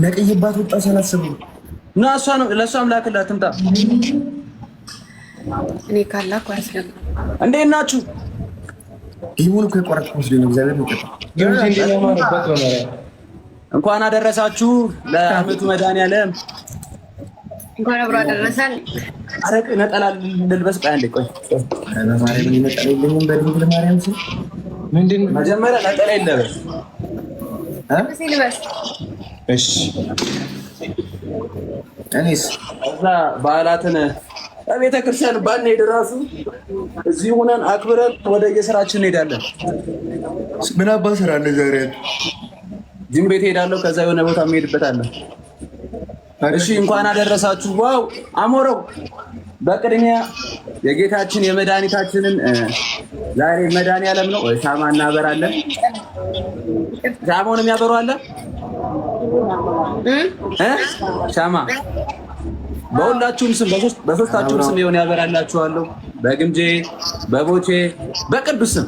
ለቀይባት ወጣ ሳላስብ ና እሷ ነው ለእሷም ላክላት ትምጣ። እኔ ካላ ኳስ እንዴት ናችሁ? ይሁን እኮ የቆረጥ መስሎኝ እግዚአብሔር እንኳን አደረሳችሁ ለአመቱ መድኃኒዓለም እንኳን አብሮ አደረሰን። አረቅ ነጠላ ልልበስ። ቆይ አንዴ ቆይ፣ መጀመሪያ ነጠላ ይለበስ እሺ እኔስ እዛ በዓላትን ቤተ ክርስቲያን ባንሄድ እራሱ እዚህ ሆነን አክብረን ወደ የስራችን እንሄዳለን። ምን አባ ስራ አለ ዛሬ ጅም ቤት ሄዳለሁ። ከዛ የሆነ ቦታ የምሄድበት አለ። እሺ እንኳን አደረሳችሁ። ዋው አሞረው በቅድሚያ የጌታችን የመድኃኒታችንን ዛሬ መድኃኔዓለም ነው። ሻማ እናበራለን። ሻማውን ያበሩ አለ ሻማ በሁላችሁም ስም በሶስታችሁም ስም የሆነ ያበራላችኋለሁ። በግምጄ በቦቼ በቅዱስ ስም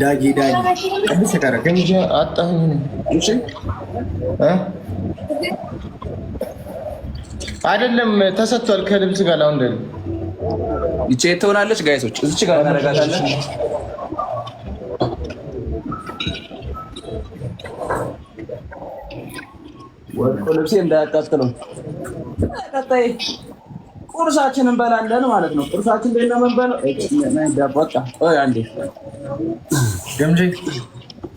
ዳጊ ዳጊ ቅዱስ ጋር ግምጄ አጣኝ። እሺ አይደለም ተሰጥቷል። ከልብስ ጋር አሁን ይቼ ትሆናለች። ጋይሶች እዚች ጋር እናደርጋታለን። ልብሴ እንዳያቃጥል ቀጣይ ቁርሳችን እንበላለን ማለት ነው። ቁርሳችን ደና መንበል አንዴ ገምጂ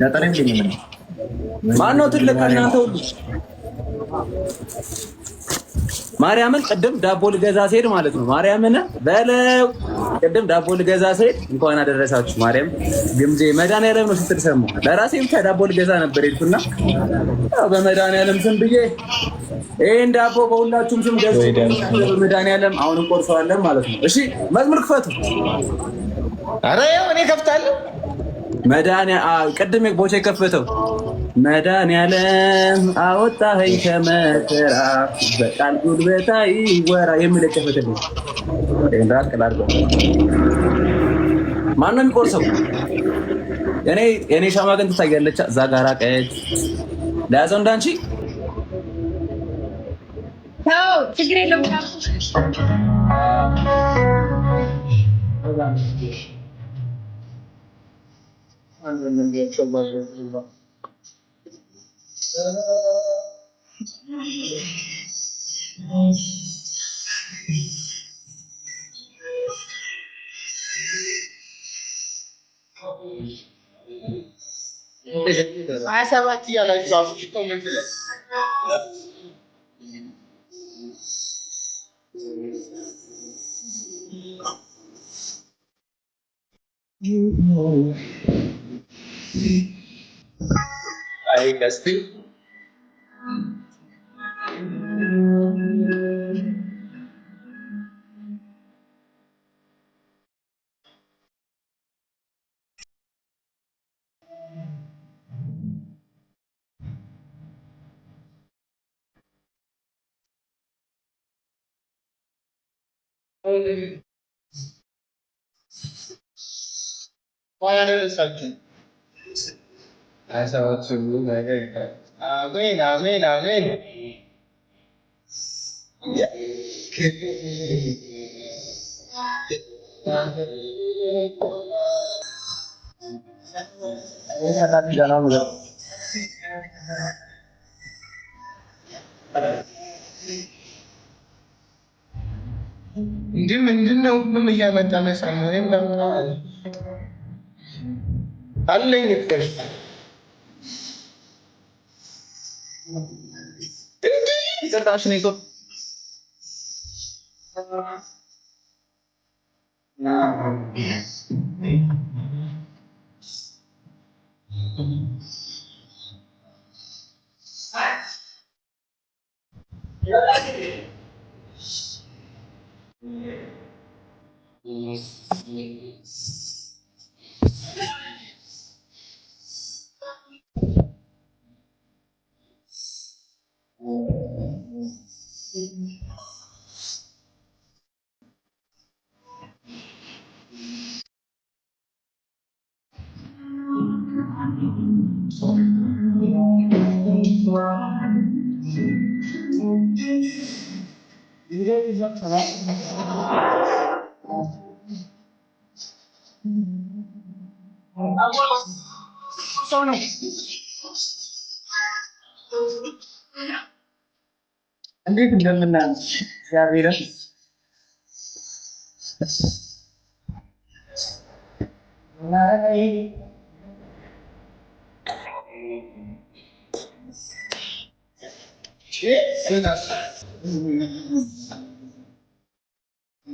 ያጠረኝ ማነው ትልቅ እናንተ ሁሉ ማርያምን ቅድም ዳቦ ልገዛ ስሄድ ማለት ነው። ማርያምን በለው ቅድም ዳቦ ልገዛ ስሄድ እንኳን አደረሳችሁ ማርያም ግምዜ መድኃኒዓለም ነው ስትል ሰማሁ። ለራሴ ብቻ ዳቦ ልገዛ ነበር ሄድኩና በመድኃኒዓለም ስም ብዬ ይህን ዳቦ በሁላችሁም ስም ገዝ በመድኃኒዓለም አሁን እንቆርሰዋለን ማለት ነው። እሺ መዝሙር ክፈቱ። ኧረ እኔ ከፍታለሁ። መድኃኒዓለም ቅድም ቦቼ ከፍተው መድኃኒዓለም አወጣኸኝ ከመከራ በቃል ጉልበታ ይወራ የሚል የከፈትልኝ ራት ቅላር ማን ነው የሚቆርሰው? እኔ ሻማ ግን ትታያለች። እዛ ጋራ ቀየች ለያዘው እንዳንቺ ችግር የለም Ah, essa batida nós jogamos de como Aí, gastei. holding wireless charging. That's what to do, I get it. Amin, Amen, amen, Ya. እንዴ ምንድነው? ሁሉም እያመጣ መሳኝ ነው አለኝ። look for it. So nice. Hindi ko ganun na. Sabi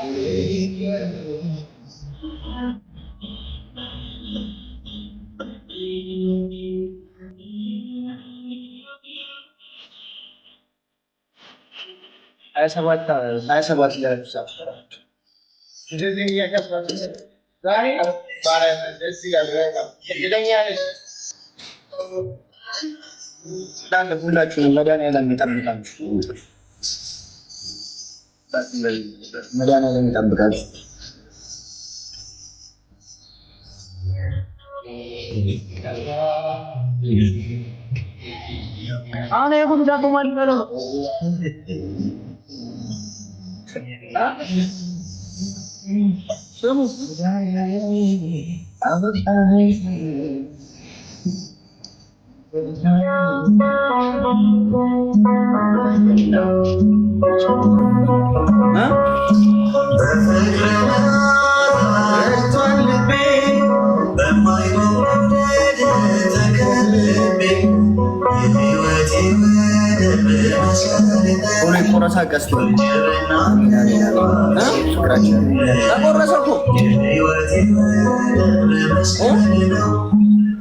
ऐसा बात ना ऐसा बात नहीं है सब जैसे ये क्या बात है रानी बारे में जैसी का रहेगा इधर ये है dan da kula ce magana yana mai tarbiyyar መድኃኒዓለም ይጠብቃል። አሁን የሁን ዳቦ ማለት ነው። ስሙ ቆረሳ ቀስ ተቆረሰ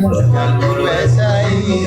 Al ahí y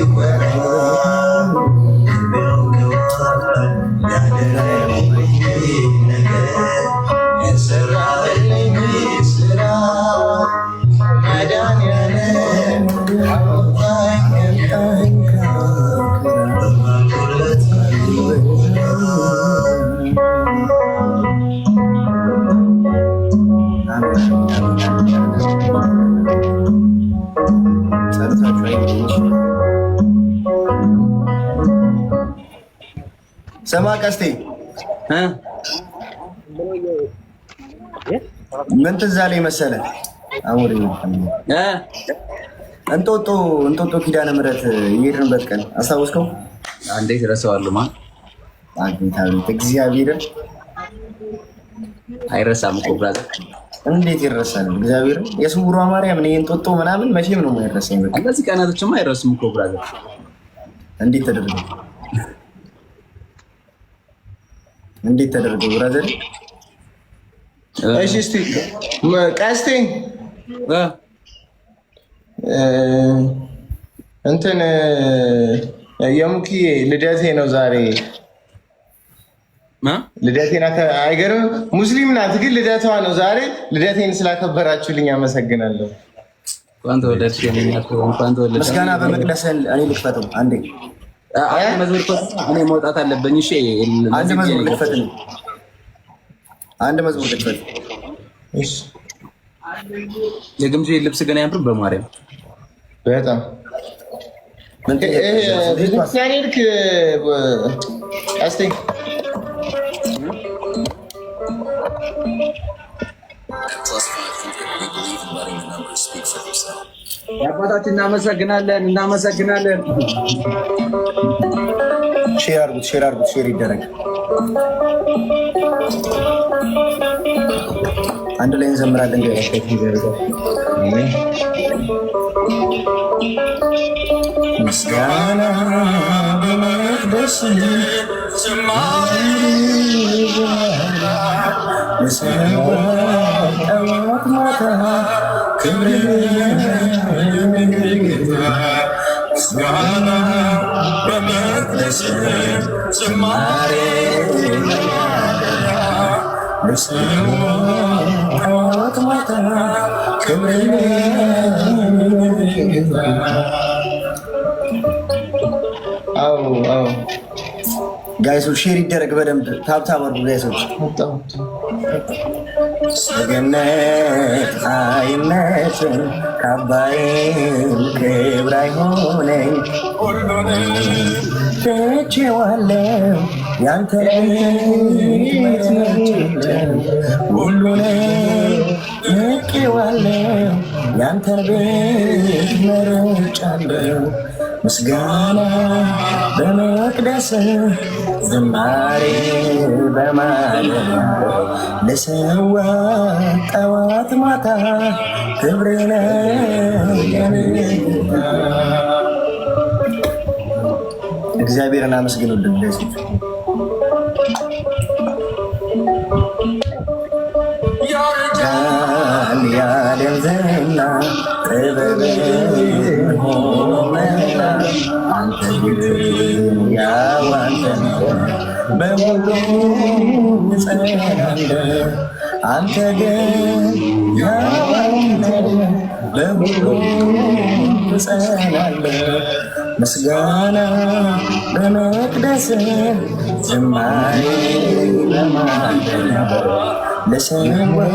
ስማ ቀስቴ ምን ትዝ አለኝ መሰለህ? አሞሪ እንጦጦ እንጦጦ ኪዳነ ምሕረት የሄድንበት ቀን አስታወስከው? እንዴት ረሳዋለሁ። ማን እግዚአብሔርን አይረሳም እኮ ብራዘር እንዴት ይረሳል? እግዚአብሔር የስውሯ ማርያም ነው። እንጦጦ ምናምን መቼም ነው የማይረሳኝ። እነዚህ ቀናቶችማ አይረሱም እኮ ብራዘር። እንዴት ተደረገ? እንዴት ተደርገው ብራዘር? እሺ እስቲ ቀስቲ እንትን የሙኪዬ ልደቴ ነው ዛሬ ልደቴን አይገርም። ሙስሊም ናት ግን ልደቷ ነው ዛሬ። ልደቴን ስላከበራችሁልኝ አመሰግናለሁ። ምስጋና በመቅደሰል እኔ ልክፈተው አንዴ አንድ መዝሙር እኔ መውጣት አለብኝ። እሺ፣ አንድ መዝሙር ልክፈት። አንድ መዝሙር ልክፈት። የግምጄ ልብስ ግን አያምርም። በማርያም በጣም ቤተክርስቲያን ሄድክ? አባታችን እናመሰግናለን፣ እናመሰግናለን። ሼር አድርጉት፣ ሼር አድርጉት፣ ሼር ይደረግ። አንድ ላይ እንዘምራለን። ምስጋና በመቅደስ ምስጋና ምስጋና በመቅደስ ጋይሶች ሼር ይደረግ በደንብ ታብታ አርጉ ጋይሶች ገነት አይነት ካባይም ክብር አይሆነኝ ትቼዋለሁ ያንተ ቤት ንቄዋለሁ ያንተ ቤት መርጫለሁ ምስጋና በመቅደስ ዝማሬ በማለዳ ለሰዋ ጠዋት ማታ ክብርነ እግዚአብሔርን አመስግኑልን። እንደዚህ አንተ ግን ምስጋና በመቅደስ ዝማሬ ለማለ ለሰንበት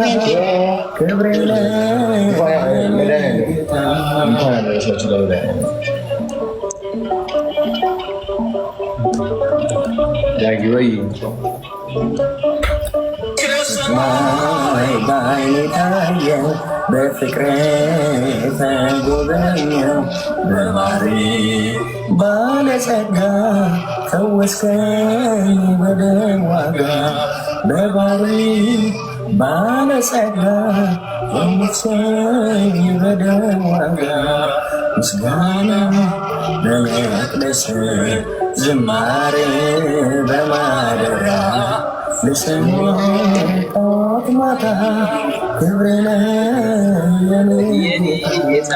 ታየው በፍቅር ተጎበኘው በባህሪ ባለጸጋ ፈወስከኝ ወደ ዋጋ በባህሪ ባለጸጋ የምትሰይ በደም ዋጋ ምስጋና በመቅደስ ዝማሬ በማደሪያ ልሰማ ጠዋት ማታ ክብሬ ነህ የኔ ጌታ